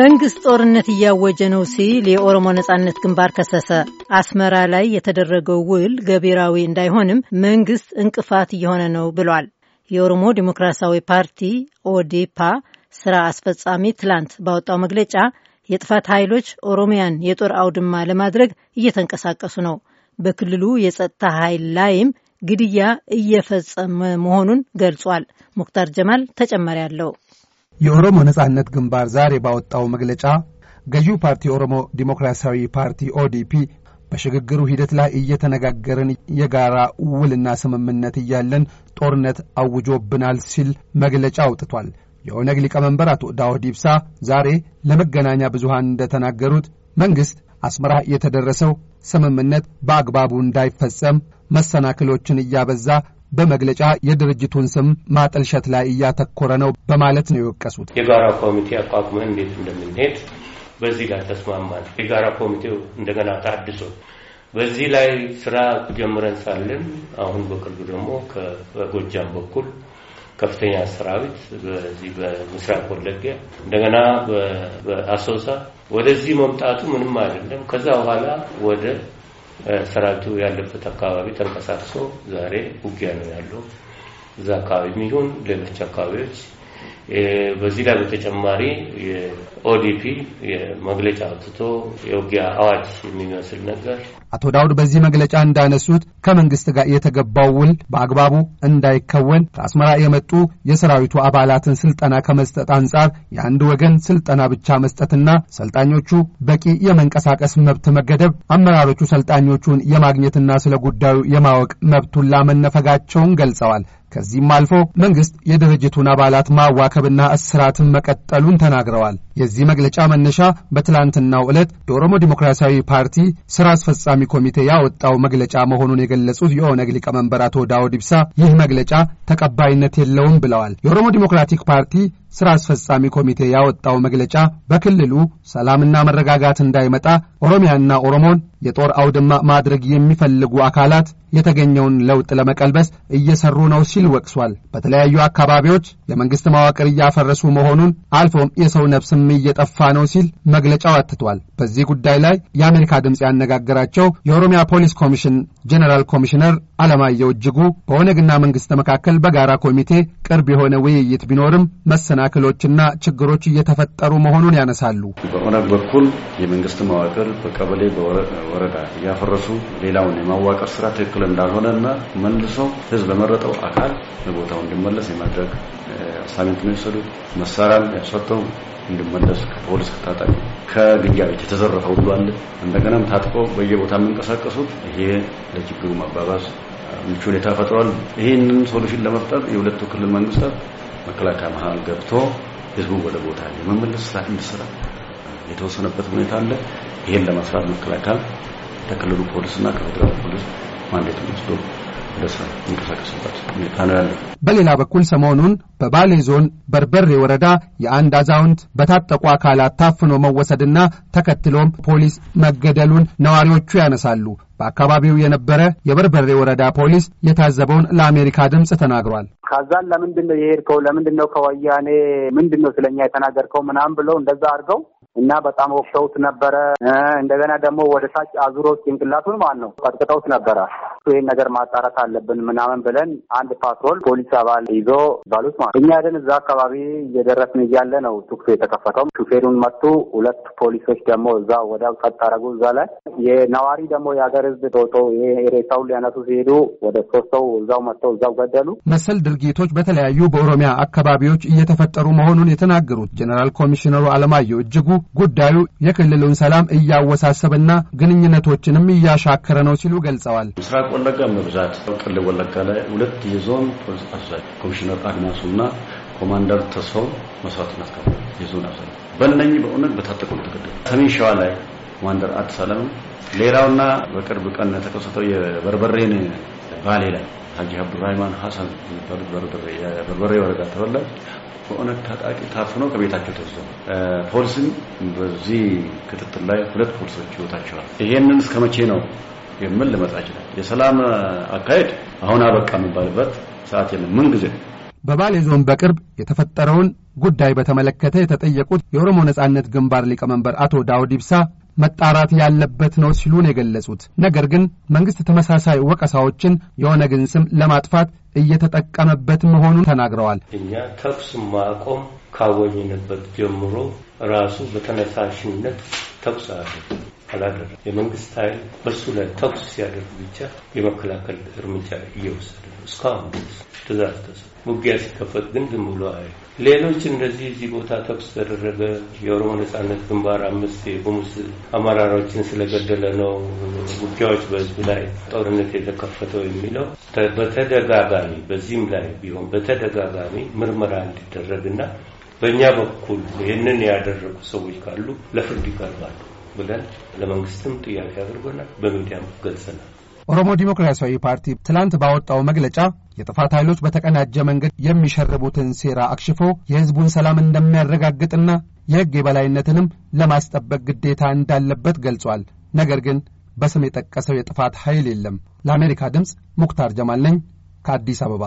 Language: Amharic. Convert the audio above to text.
መንግሥት ጦርነት እያወጀ ነው ሲል የኦሮሞ ነጻነት ግንባር ከሰሰ። አስመራ ላይ የተደረገው ውል ገቢራዊ እንዳይሆንም መንግሥት እንቅፋት እየሆነ ነው ብሏል። የኦሮሞ ዴሞክራሲያዊ ፓርቲ ኦዴፓ ስራ አስፈጻሚ ትላንት ባወጣው መግለጫ የጥፋት ኃይሎች ኦሮሚያን የጦር አውድማ ለማድረግ እየተንቀሳቀሱ ነው፣ በክልሉ የጸጥታ ኃይል ላይም ግድያ እየፈጸመ መሆኑን ገልጿል። ሙክታር ጀማል ተጨማሪ አለው። የኦሮሞ ነጻነት ግንባር ዛሬ ባወጣው መግለጫ ገዢው ፓርቲ ኦሮሞ ዲሞክራሲያዊ ፓርቲ ኦዲፒ በሽግግሩ ሂደት ላይ እየተነጋገርን የጋራ ውልና ስምምነት እያለን ጦርነት አውጆብናል ሲል መግለጫ አውጥቷል። የኦነግ ሊቀመንበር አቶ ዳውድ ኢብሳ ዛሬ ለመገናኛ ብዙሃን እንደተናገሩት መንግሥት አስመራ የተደረሰው ስምምነት በአግባቡ እንዳይፈጸም መሰናክሎችን እያበዛ በመግለጫ የድርጅቱን ስም ማጠልሸት ላይ እያተኮረ ነው በማለት ነው የወቀሱት። የጋራ ኮሚቴ አቋቁመን እንዴት እንደምንሄድ በዚህ ላይ ተስማማን። የጋራ ኮሚቴው እንደገና ታድሶ በዚህ ላይ ስራ ጀምረን ሳለን አሁን በቅርቡ ደግሞ ከጎጃም በኩል ከፍተኛ ሰራዊት በዚህ በምስራቅ ወለጋ እንደገና በአሶሳ ወደዚህ መምጣቱ ምንም አይደለም። ከዛ በኋላ ወደ ሰራዊቱ ያለበት አካባቢ ተንቀሳቅሶ ዛሬ ውጊያ ነው ያለው። እዛ አካባቢ የሚሆን ሌሎች አካባቢዎች በዚህ ላይ በተጨማሪ የኦዲፒ መግለጫ አውጥቶ የውጊያ አዋጅ የሚመስል ነገር አቶ ዳውድ በዚህ መግለጫ እንዳነሱት ከመንግስት ጋር የተገባው ውል በአግባቡ እንዳይከወን ከአስመራ የመጡ የሰራዊቱ አባላትን ስልጠና ከመስጠት አንጻር የአንድ ወገን ስልጠና ብቻ መስጠትና ሰልጣኞቹ በቂ የመንቀሳቀስ መብት መገደብ፣ አመራሮቹ ሰልጣኞቹን የማግኘትና ስለ ጉዳዩ የማወቅ መብቱን ላመነፈጋቸውን ገልጸዋል። ከዚህም አልፎ መንግስት የድርጅቱን አባላት ማዋከ ማዋከብና እስራትን መቀጠሉን ተናግረዋል። የዚህ መግለጫ መነሻ በትላንትናው ዕለት የኦሮሞ ዲሞክራሲያዊ ፓርቲ ስራ አስፈጻሚ ኮሚቴ ያወጣው መግለጫ መሆኑን የገለጹት የኦነግ ሊቀመንበር አቶ ዳውድ ኢብሳ ይህ መግለጫ ተቀባይነት የለውም ብለዋል። የኦሮሞ ዲሞክራቲክ ፓርቲ ሥራ አስፈጻሚ ኮሚቴ ያወጣው መግለጫ በክልሉ ሰላምና መረጋጋት እንዳይመጣ ኦሮሚያና ኦሮሞን የጦር አውድማ ማድረግ የሚፈልጉ አካላት የተገኘውን ለውጥ ለመቀልበስ እየሰሩ ነው ሲል ወቅሷል። በተለያዩ አካባቢዎች የመንግሥት መዋቅር እያፈረሱ መሆኑን አልፎም የሰው ነፍስም እየጠፋ ነው ሲል መግለጫው አትቷል። በዚህ ጉዳይ ላይ የአሜሪካ ድምፅ ያነጋገራቸው የኦሮሚያ ፖሊስ ኮሚሽን ጀነራል ኮሚሽነር አለማየሁ እጅጉ በኦነግና መንግሥት መካከል በጋራ ኮሚቴ ቅርብ የሆነ ውይይት ቢኖርም መሰናክሎችና ችግሮች እየተፈጠሩ መሆኑን ያነሳሉ። በኦነግ በኩል የመንግስት መዋቅር በቀበሌ በወረዳ እያፈረሱ ሌላውን የማዋቀር ስራ ትክክል እንዳልሆነ እንዳልሆነና መልሶ ህዝብ በመረጠው አካል በቦታው እንዲመለስ የማድረግ አሳሚንት ነው የወሰዱት። መሳሪያም ያሰጠው እንድመለስ ከፖሊስ ከታጣቂ ከግያ ቤት የተዘረፈ ሁሉ አለ። እንደገናም ታጥቆ በየቦታ የምንቀሳቀሱት ይሄ ለችግሩ መባባስ ምቹ ሁኔታ ፈጥሯል። ይህንን ሶሉሽን ለመፍጠር የሁለቱ ክልል መንግስታት መከላከያ መሀል ገብቶ ህዝቡን ወደ ቦታ የመመለስ ስራ እንዲሰራ የተወሰነበት ሁኔታ አለ። ይህን ለመስራት መከላከያ ከክልሉ ፖሊስና ከፌዴራል ፖሊስ ማንዴት ወስዶ ወደ ስራ የሚንቀሳቀስበት ሁኔታ ነው ያለው። በሌላ በኩል ሰሞኑን በባሌ ዞን በርበሬ ወረዳ የአንድ አዛውንት በታጠቁ አካላት ታፍኖ መወሰድና ተከትሎም ፖሊስ መገደሉን ነዋሪዎቹ ያነሳሉ። በአካባቢው የነበረ የበርበሬ ወረዳ ፖሊስ የታዘበውን ለአሜሪካ ድምፅ ተናግሯል። ከዛን ለምንድን ነው የሄድከው? ለምንድን ነው ከወያኔ ምንድን ነው ስለኛ የተናገርከው? ምናምን ብለው እንደዛ አድርገው እና በጣም ወቅተውት ነበረ። እንደገና ደግሞ ወደ ታች አዙሮ ጭንቅላቱን ማለት ነው ቀጥቅጠውት ነበረ። ይህን ነገር ማጣራት አለብን ምናምን ብለን አንድ ፓትሮል ፖሊስ አባል ይዞ ባሉት ማለት እኛ ግን እዛ አካባቢ እየደረስን እያለ ነው ተኩሱ የተከፈተው። ሹፌሩን መቱ። ሁለት ፖሊሶች ደግሞ እዛ ወዲያው ጸጥ አደረጉ እዛ ላይ የነዋሪ ደግሞ የሀገር ህዝብ ቶቶ ይሄ ሊያነሱ ሲሄዱ ወደ ሶስት ሰው እዛው መጥተው እዛው ገደሉ። መሰል ድርጊቶች በተለያዩ በኦሮሚያ አካባቢዎች እየተፈጠሩ መሆኑን የተናገሩት ጀኔራል ኮሚሽነሩ አለማየሁ እጅጉ ጉዳዩ የክልሉን ሰላም እያወሳሰበና ግንኙነቶችንም እያሻከረ ነው ሲሉ ገልጸዋል። ምስራቅ ወለጋ መብዛት ቅል ወለጋ ላይ ሁለት የዞን ፖሊስ አዛዥ ኮሚሽነር አድማሱና ኮማንደር ተሰው መስዋዕትነት ከፍለዋል። የዞን አዛዥ በእነኚህ በእውነት በታጠቁ ተገደሉ። ሰሜን ሸዋ ላይ ኮማንደር አዲስ አለምም ሌላውና በቅርብ ቀን የተከሰተው የበርበሬን ባሌ ላይ ሀጂ አብዱራህማን ሀሰን የሚባሉት የበርበሬ ወረዳ ተወላጅ በኦነግ ታጣቂ ታፍኖ ከቤታቸው ተወሰዱ። ፖሊስም በዚህ ክትትል ላይ ሁለት ፖሊሶች ህይወታቸዋል። ይሄንን እስከ መቼ ነው የምን ልመጣ ይችላል። የሰላም አካሄድ አሁን አበቃ የሚባልበት ሰዓት የለም። ምን ጊዜ በባሌ ዞን በቅርብ የተፈጠረውን ጉዳይ በተመለከተ የተጠየቁት የኦሮሞ ነጻነት ግንባር ሊቀመንበር አቶ ዳውድ ኢብሳ መጣራት ያለበት ነው ሲሉን የገለጹት ነገር ግን መንግሥት ተመሳሳይ ወቀሳዎችን የኦነግን ስም ለማጥፋት እየተጠቀመበት መሆኑን ተናግረዋል። እኛ ተኩስ ማቆም ካወኝንበት ጀምሮ ራሱ በተነሳሽነት ተኩስ አድርገን አላደረም። የመንግስት ኃይል በእሱ ላይ ተኩስ ሲያደርግ ብቻ የመከላከል እርምጃ እየወሰደ ነው እስካሁን ድረስ ትእዛዝ ተሰ ውጊያ ሲከፈት ግን ዝም ብሎ አይ ሌሎች እንደዚህ እዚህ ቦታ ተኩስ ተደረገ፣ የኦሮሞ ነጻነት ግንባር አምስት የጉሙዝ አመራሮችን ስለገደለ ነው ውጊያዎች በህዝብ ላይ ጦርነት የተከፈተው የሚለው በተደጋጋሚ በዚህም ላይ ቢሆን በተደጋጋሚ ምርመራ እንዲደረግና በእኛ በኩል ይህንን ያደረጉ ሰዎች ካሉ ለፍርድ ይቀርባሉ። ብለን ለመንግስትም ጥያቄ አድርጎናል፣ በሚዲያም ገልጸናል። ኦሮሞ ዲሞክራሲያዊ ፓርቲ ትናንት ባወጣው መግለጫ የጥፋት ኃይሎች በተቀናጀ መንገድ የሚሸርቡትን ሴራ አክሽፎ የህዝቡን ሰላም እንደሚያረጋግጥና የህግ የበላይነትንም ለማስጠበቅ ግዴታ እንዳለበት ገልጿል። ነገር ግን በስም የጠቀሰው የጥፋት ኃይል የለም። ለአሜሪካ ድምፅ ሙክታር ጀማል ነኝ ከአዲስ አበባ።